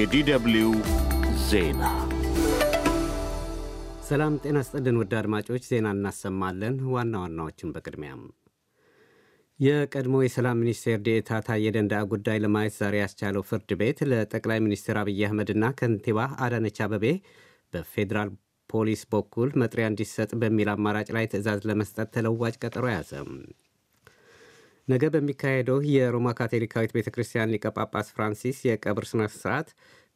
የዲደብልዩ ዜና ሰላም ጤና ስጠልን ወደ አድማጮች ዜና እናሰማለን። ዋና ዋናዎችን በቅድሚያም የቀድሞ የሰላም ሚኒስቴር ዴታ ታዬ ጉዳይ ለማየት ዛሬ ያስቻለው ፍርድ ቤት ለጠቅላይ ሚኒስትር አብይ አህመድና ከንቲባ አዳነች አበቤ በፌዴራል ፖሊስ በኩል መጥሪያ እንዲሰጥ በሚል አማራጭ ላይ ትእዛዝ ለመስጠት ተለዋጭ ቀጠሮ ያዘም ነገ በሚካሄደው የሮማ ካቶሊካዊት ቤተ ክርስቲያን ሊቀ ጳጳስ ፍራንሲስ የቀብር ስነ ስርዓት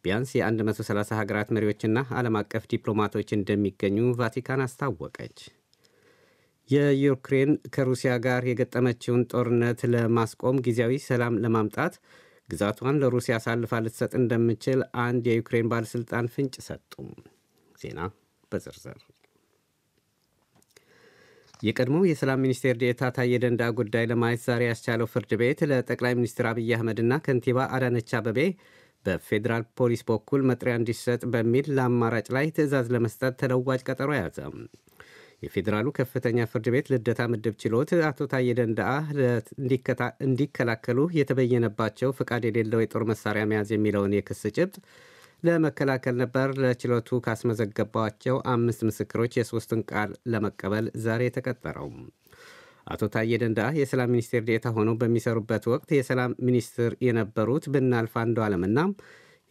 ቢያንስ የ130 ሀገራት መሪዎችና ዓለም አቀፍ ዲፕሎማቶች እንደሚገኙ ቫቲካን አስታወቀች። የዩክሬን ከሩሲያ ጋር የገጠመችውን ጦርነት ለማስቆም ጊዜያዊ ሰላም ለማምጣት ግዛቷን ለሩሲያ አሳልፋ ልትሰጥ እንደምችል አንድ የዩክሬን ባለሥልጣን ፍንጭ ሰጡም። ዜና በዝርዝር የቀድሞው የሰላም ሚኒስቴር ዴኤታ ታዬ ደንዳ ጉዳይ ለማየት ዛሬ ያስቻለው ፍርድ ቤት ለጠቅላይ ሚኒስትር አብይ አህመድና ከንቲባ አዳነች አበቤ በፌዴራል ፖሊስ በኩል መጥሪያ እንዲሰጥ በሚል ለአማራጭ ላይ ትዕዛዝ ለመስጠት ተለዋጭ ቀጠሮ ያዘ። የፌዴራሉ ከፍተኛ ፍርድ ቤት ልደታ ምድብ ችሎት አቶ ታዬ ደንዳአ እንዲከላከሉ የተበየነባቸው ፍቃድ የሌለው የጦር መሳሪያ መያዝ የሚለውን የክስ ጭብጥ ለመከላከል ነበር። ለችሎቱ ካስመዘገባቸው አምስት ምስክሮች የሶስቱን ቃል ለመቀበል ዛሬ የተቀጠረው አቶ ታዬ ደንዳ የሰላም ሚኒስቴር ዴታ ሆነው በሚሰሩበት ወቅት የሰላም ሚኒስትር የነበሩት ብናልፍ አለምና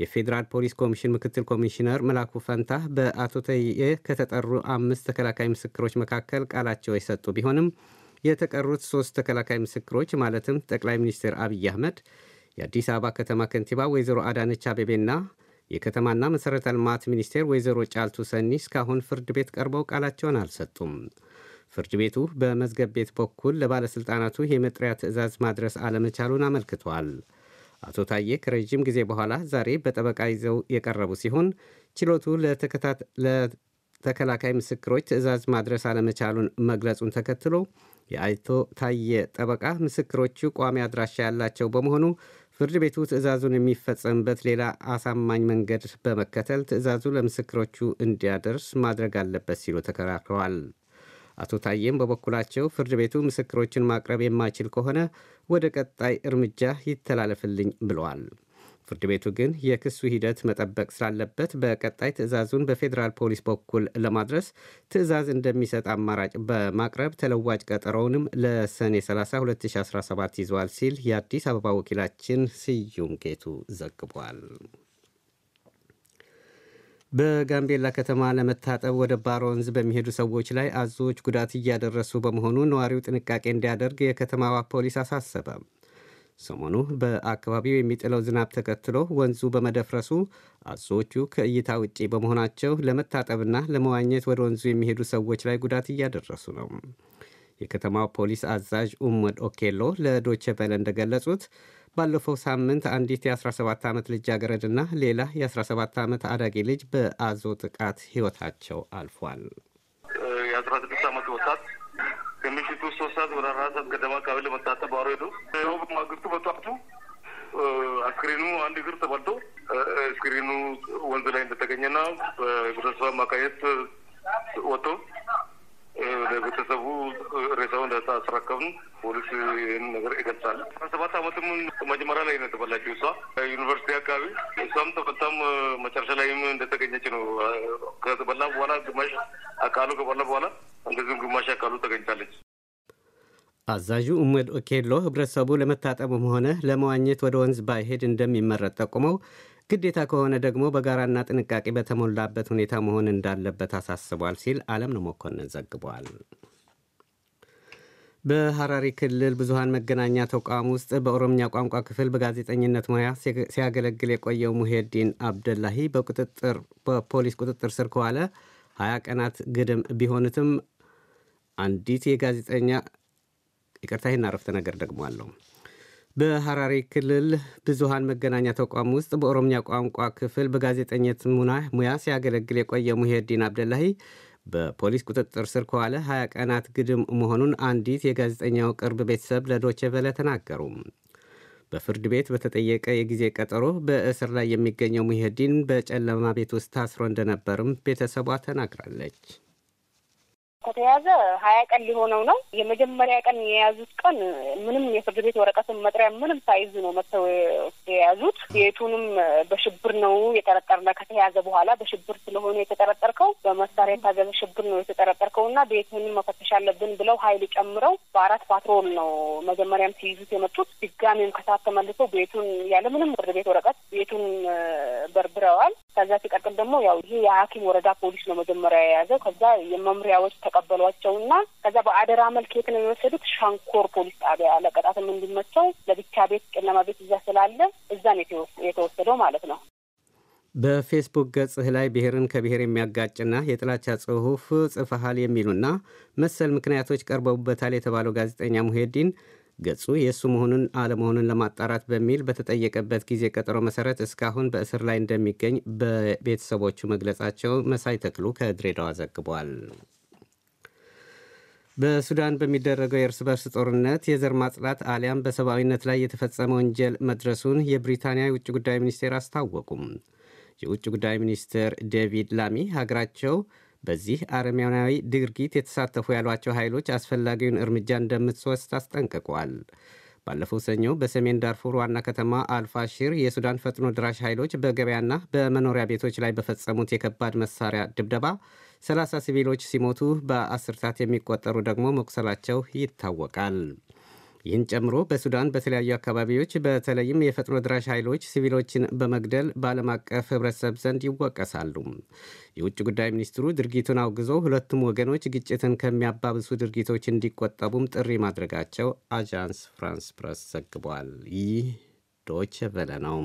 የፌዴራል ፖሊስ ኮሚሽን ምክትል ኮሚሽነር መላኩ ፈንታ በአቶ ተዬ ከተጠሩ አምስት ተከላካይ ምስክሮች መካከል ቃላቸው የሰጡ ቢሆንም የተቀሩት ሶስት ተከላካይ ምስክሮች ማለትም ጠቅላይ ሚኒስትር አብይ አህመድ፣ የአዲስ አበባ ከተማ ከንቲባ ወይዘሮ አዳነች አቤቤና የከተማና መሠረተ ልማት ሚኒስቴር ወይዘሮ ጫልቱ ሰኒ እስካሁን ፍርድ ቤት ቀርበው ቃላቸውን አልሰጡም። ፍርድ ቤቱ በመዝገብ ቤት በኩል ለባለሥልጣናቱ የመጥሪያ ትዕዛዝ ማድረስ አለመቻሉን አመልክቷል። አቶ ታዬ ከረዥም ጊዜ በኋላ ዛሬ በጠበቃ ይዘው የቀረቡ ሲሆን ችሎቱ ተከላካይ ምስክሮች ትዕዛዝ ማድረስ አለመቻሉን መግለጹን ተከትሎ የአይቶ ታየ ጠበቃ ምስክሮቹ ቋሚ አድራሻ ያላቸው በመሆኑ ፍርድ ቤቱ ትዕዛዙን የሚፈጸምበት ሌላ አሳማኝ መንገድ በመከተል ትዕዛዙ ለምስክሮቹ እንዲያደርስ ማድረግ አለበት ሲሉ ተከራክረዋል። አቶ ታየም በበኩላቸው ፍርድ ቤቱ ምስክሮችን ማቅረብ የማይችል ከሆነ ወደ ቀጣይ እርምጃ ይተላለፍልኝ ብለዋል። ፍርድ ቤቱ ግን የክሱ ሂደት መጠበቅ ስላለበት በቀጣይ ትዕዛዙን በፌዴራል ፖሊስ በኩል ለማድረስ ትዕዛዝ እንደሚሰጥ አማራጭ በማቅረብ ተለዋጭ ቀጠሮውንም ለሰኔ 30 2017 ይዘዋል ሲል የአዲስ አበባ ወኪላችን ስዩም ጌቱ ዘግቧል። በጋምቤላ ከተማ ለመታጠብ ወደ ባሮ ወንዝ በሚሄዱ ሰዎች ላይ አዞዎች ጉዳት እያደረሱ በመሆኑ ነዋሪው ጥንቃቄ እንዲያደርግ የከተማዋ ፖሊስ አሳሰበ። ሰሞኑ በአካባቢው የሚጥለው ዝናብ ተከትሎ ወንዙ በመደፍረሱ አዞዎቹ ከእይታ ውጪ በመሆናቸው ለመታጠብና ለመዋኘት ወደ ወንዙ የሚሄዱ ሰዎች ላይ ጉዳት እያደረሱ ነው። የከተማው ፖሊስ አዛዥ ኡመድ ኦኬሎ ለዶቼ እንደገለጹት ባለፈው ሳምንት አንዲት የ17 ዓመት ልጃገረድና ሌላ የ17 ዓመት አዳጊ ልጅ በአዞ ጥቃት ህይወታቸው አልፏል። የ16 ዓመት ወጣት ከምሽቱ ሶስት ሰዓት ወደ አራት ሰዓት ገደማ አካባቢ ለመታጠብ ባሮ ሄዱ። ይኸው በማግስቱ በጠዋቱ አስክሬኑ አንድ እግር ተበልቶ ስክሪኑ ወንዝ ላይ እንደተገኘና በህብረተሰብ አማካኘት ወጥቶ ለቤተሰቡ ሬሳው እንዳስረከብን ፖሊስ ይህን ነገር ይገልጻል። ሰባት አመትም መጀመሪያ ላይ ነው የተበላችው። እሷ ዩኒቨርሲቲ አካባቢ እሷም ተፈታም መጨረሻ ላይም እንደተገኘች ነው ከተበላ በኋላ ግማሽ አካሉ ከበላ በኋላ እንደዚሁም ግማሽ አካሉ ተገኝታለች። አዛዡ ኡመድ ኦኬሎ ህብረተሰቡ ለመታጠብም ሆነ ለመዋኘት ወደ ወንዝ ባይሄድ እንደሚመረጥ ጠቁመው ግዴታ ከሆነ ደግሞ በጋራና ጥንቃቄ በተሞላበት ሁኔታ መሆን እንዳለበት አሳስቧል ሲል አለም ነው መኮንን ዘግቧል። በሐራሪ ክልል ብዙሀን መገናኛ ተቋም ውስጥ በኦሮምኛ ቋንቋ ክፍል በጋዜጠኝነት ሙያ ሲያገለግል የቆየው ሙሄዲን አብደላሂ በቁጥጥር በፖሊስ ቁጥጥር ስር ከዋለ 20 ቀናት ግድም ቢሆኑትም አንዲት የጋዜጠኛ ይቅርታ፣ ይህን አረፍተ ነገር ደግሟለሁ። በሐራሪ ክልል ብዙሃን መገናኛ ተቋም ውስጥ በኦሮምኛ ቋንቋ ክፍል በጋዜጠኝነት ሙያ ሲያገለግል የቆየ ሙሄዲን አብደላሂ በፖሊስ ቁጥጥር ስር ከዋለ 20 ቀናት ግድም መሆኑን አንዲት የጋዜጠኛው ቅርብ ቤተሰብ ለዶቼ ቬለ ተናገሩ። በፍርድ ቤት በተጠየቀ የጊዜ ቀጠሮ በእስር ላይ የሚገኘው ሙሄዲን በጨለማ ቤት ውስጥ ታስሮ እንደነበርም ቤተሰቧ ተናግራለች። ከተያዘ ሀያ ቀን ሊሆነው ነው። የመጀመሪያ ቀን የያዙት ቀን ምንም የፍርድ ቤት ወረቀትን መጥሪያ ምንም ሳይዙ ነው መጥተው የያዙት። ቤቱንም በሽብር ነው የጠረጠርነ ከተያዘ በኋላ በሽብር ስለሆነ የተጠረጠርከው በመሳሪያ የታገዘ ሽብር ነው የተጠረጠርከው እና ቤትንም መፈተሽ አለብን ብለው ሀይል ጨምረው በአራት ፓትሮል ነው መጀመሪያም ሲይዙት የመጡት። ድጋሚም ከሳት ተመልሶ ቤቱን ምንም ፍርድ ቤት ወረቀት ቤቱን በርብረዋል። ከዛ ሲቀጥል ደግሞ ያው ይሄ የሀኪም ወረዳ ፖሊስ ነው መጀመሪያ የያዘው። ከዛ የመምሪያዎች እና ከዛ በአደራ መልክ የት ነው ሻንኮር ፖሊስ ጣቢያ ለቅጣትም እንዲመቸው ለብቻ ቤት ቅለማ ቤት እዛ ስላለ እዛ ነው የተወሰደው ማለት ነው። በፌስቡክ ገጽህ ላይ ብሔርን ከብሔር የሚያጋጭና የጥላቻ ጽሑፍ ጽፈሃል የሚሉና መሰል ምክንያቶች ቀርበውበታል የተባለው ጋዜጠኛ ሙሄዲን ገጹ የእሱ መሆኑን አለመሆኑን ለማጣራት በሚል በተጠየቀበት ጊዜ ቀጠሮ መሰረት እስካሁን በእስር ላይ እንደሚገኝ በቤተሰቦቹ መግለጻቸው መሳይ ተክሉ ከድሬዳዋ ዘግቧል። በሱዳን በሚደረገው የእርስ በርስ ጦርነት የዘር ማጽላት አሊያም በሰብአዊነት ላይ የተፈጸመ ወንጀል መድረሱን የብሪታንያ የውጭ ጉዳይ ሚኒስቴር አስታወቁም። የውጭ ጉዳይ ሚኒስትር ዴቪድ ላሚ ሀገራቸው በዚህ አረሚያናዊ ድርጊት የተሳተፉ ያሏቸው ኃይሎች አስፈላጊውን እርምጃ እንደምትወስድ አስጠንቅቋል። ባለፈው ሰኞ በሰሜን ዳርፉር ዋና ከተማ አልፋሺር የሱዳን ፈጥኖ ድራሽ ኃይሎች በገበያና በመኖሪያ ቤቶች ላይ በፈጸሙት የከባድ መሳሪያ ድብደባ 30 ሲቪሎች ሲሞቱ በአስርታት የሚቆጠሩ ደግሞ መቁሰላቸው ይታወቃል። ይህን ጨምሮ በሱዳን በተለያዩ አካባቢዎች በተለይም የፈጥኖ ድራሽ ኃይሎች ሲቪሎችን በመግደል በዓለም አቀፍ ህብረተሰብ ዘንድ ይወቀሳሉ። የውጭ ጉዳይ ሚኒስትሩ ድርጊቱን አውግዞ ሁለቱም ወገኖች ግጭትን ከሚያባብሱ ድርጊቶች እንዲቆጠቡም ጥሪ ማድረጋቸው አጃንስ ፍራንስ ፕረስ ዘግቧል። ይህ ዶች ቨለ ነው።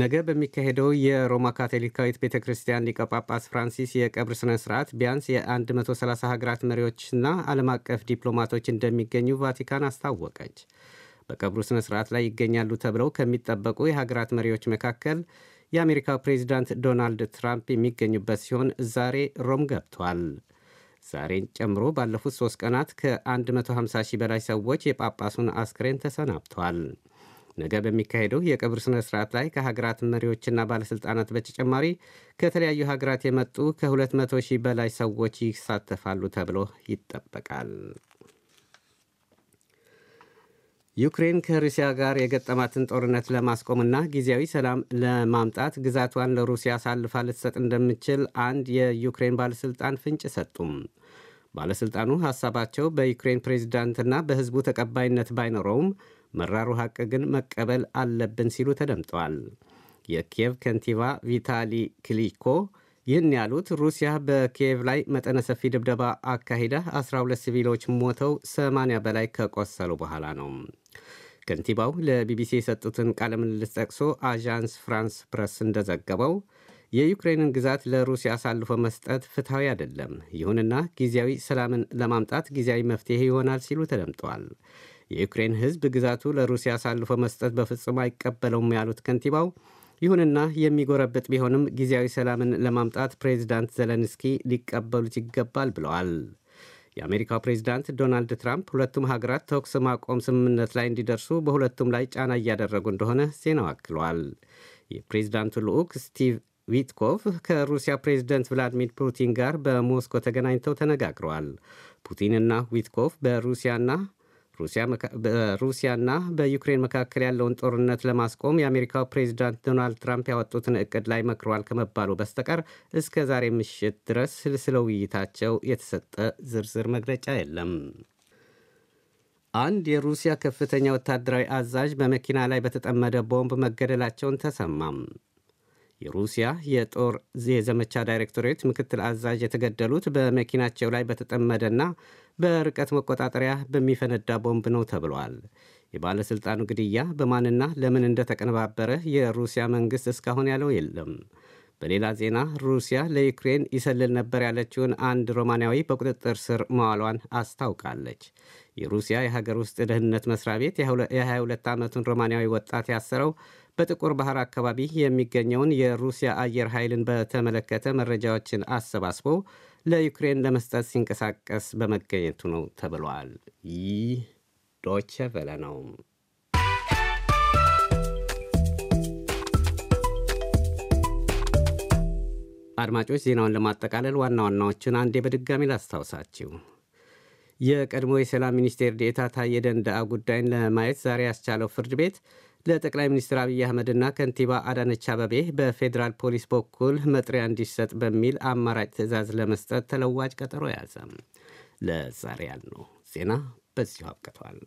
ነገ በሚካሄደው የሮማ ካቶሊካዊት ቤተ ክርስቲያን ሊቀ ጳጳስ ፍራንሲስ የቀብር ስነ ስርዓት ቢያንስ የ130 ሀገራት መሪዎችና ዓለም አቀፍ ዲፕሎማቶች እንደሚገኙ ቫቲካን አስታወቀች። በቀብሩ ስነ ስርዓት ላይ ይገኛሉ ተብለው ከሚጠበቁ የሀገራት መሪዎች መካከል የአሜሪካው ፕሬዚዳንት ዶናልድ ትራምፕ የሚገኙበት ሲሆን ዛሬ ሮም ገብቷል። ዛሬን ጨምሮ ባለፉት ሶስት ቀናት ከ150 ሺህ በላይ ሰዎች የጳጳሱን አስክሬን ተሰናብቷል። ነገ በሚካሄደው የቀብር ስነ ስርዓት ላይ ከሀገራት መሪዎችና ባለሥልጣናት በተጨማሪ ከተለያዩ ሀገራት የመጡ ከ200 ሺህ በላይ ሰዎች ይሳተፋሉ ተብሎ ይጠበቃል። ዩክሬን ከሩሲያ ጋር የገጠማትን ጦርነት ለማስቆምና ጊዜያዊ ሰላም ለማምጣት ግዛቷን ለሩሲያ አሳልፋ ልትሰጥ እንደምችል አንድ የዩክሬን ባለሥልጣን ፍንጭ ሰጡም። ባለሥልጣኑ ሐሳባቸው በዩክሬን ፕሬዚዳንትና በሕዝቡ ተቀባይነት ባይኖረውም መራሩ ሐቅ ግን መቀበል አለብን ሲሉ ተደምጠዋል። የኪየቭ ከንቲባ ቪታሊ ክሊኮ ይህን ያሉት ሩሲያ በኪየቭ ላይ መጠነ ሰፊ ድብደባ አካሂዳ 12 ሲቪሎች ሞተው 80 በላይ ከቆሰሉ በኋላ ነው። ከንቲባው ለቢቢሲ የሰጡትን ቃለ ምልልስ ጠቅሶ አዣንስ ፍራንስ ፕረስ እንደዘገበው የዩክሬንን ግዛት ለሩሲያ አሳልፎ መስጠት ፍትሐዊ አይደለም፣ ይሁንና ጊዜያዊ ሰላምን ለማምጣት ጊዜያዊ መፍትሄ ይሆናል ሲሉ ተደምጠዋል። የዩክሬን ሕዝብ ግዛቱ ለሩሲያ አሳልፎ መስጠት በፍጹም አይቀበለውም ያሉት ከንቲባው፣ ይሁንና የሚጎረብጥ ቢሆንም ጊዜያዊ ሰላምን ለማምጣት ፕሬዚዳንት ዘለንስኪ ሊቀበሉት ይገባል ብለዋል። የአሜሪካው ፕሬዚዳንት ዶናልድ ትራምፕ ሁለቱም ሀገራት ተኩስ ማቆም ስምምነት ላይ እንዲደርሱ በሁለቱም ላይ ጫና እያደረጉ እንደሆነ ዜናው አክሏል። የፕሬዚዳንቱ ልዑክ ስቲቭ ዊትኮቭ ከሩሲያ ፕሬዝደንት ቭላዲሚር ፑቲን ጋር በሞስኮ ተገናኝተው ተነጋግረዋል። ፑቲንና ዊትኮቭ በሩሲያና በሩሲያና በዩክሬን መካከል ያለውን ጦርነት ለማስቆም የአሜሪካው ፕሬዚዳንት ዶናልድ ትራምፕ ያወጡትን እቅድ ላይ መክረዋል ከመባሉ በስተቀር እስከ ዛሬ ምሽት ድረስ ስለ ውይይታቸው የተሰጠ ዝርዝር መግለጫ የለም። አንድ የሩሲያ ከፍተኛ ወታደራዊ አዛዥ በመኪና ላይ በተጠመደ ቦምብ መገደላቸውን ተሰማም። የሩሲያ የጦር የዘመቻ ዳይሬክቶሬት ምክትል አዛዥ የተገደሉት በመኪናቸው ላይ በተጠመደና በርቀት መቆጣጠሪያ በሚፈነዳ ቦምብ ነው ተብሏል። የባለሥልጣኑ ግድያ በማንና ለምን እንደተቀነባበረ የሩሲያ መንግሥት እስካሁን ያለው የለም። በሌላ ዜና ሩሲያ ለዩክሬን ይሰልል ነበር ያለችውን አንድ ሮማንያዊ በቁጥጥር ስር መዋሏን አስታውቃለች። የሩሲያ የሀገር ውስጥ ደህንነት መስሪያ ቤት የ22 ዓመቱን ሮማንያዊ ወጣት ያሰረው በጥቁር ባህር አካባቢ የሚገኘውን የሩሲያ አየር ኃይልን በተመለከተ መረጃዎችን አሰባስቦ ለዩክሬን ለመስጠት ሲንቀሳቀስ በመገኘቱ ነው ተብሏል። ይህ ዶቸ በለ ነው። አድማጮች፣ ዜናውን ለማጠቃለል ዋና ዋናዎቹን አንዴ በድጋሚ ላስታውሳችሁ። የቀድሞ የሰላም ሚኒስቴር ዴታ ታየ ደንደአ ጉዳይን ለማየት ዛሬ ያስቻለው ፍርድ ቤት ለጠቅላይ ሚኒስትር አብይ አህመድና ከንቲባ አዳነች አበቤ በፌዴራል ፖሊስ በኩል መጥሪያ እንዲሰጥ በሚል አማራጭ ትዕዛዝ ለመስጠት ተለዋጭ ቀጠሮ ያዘ። ለዛሬ ያልነው ዜና በዚሁ አብቅቷል።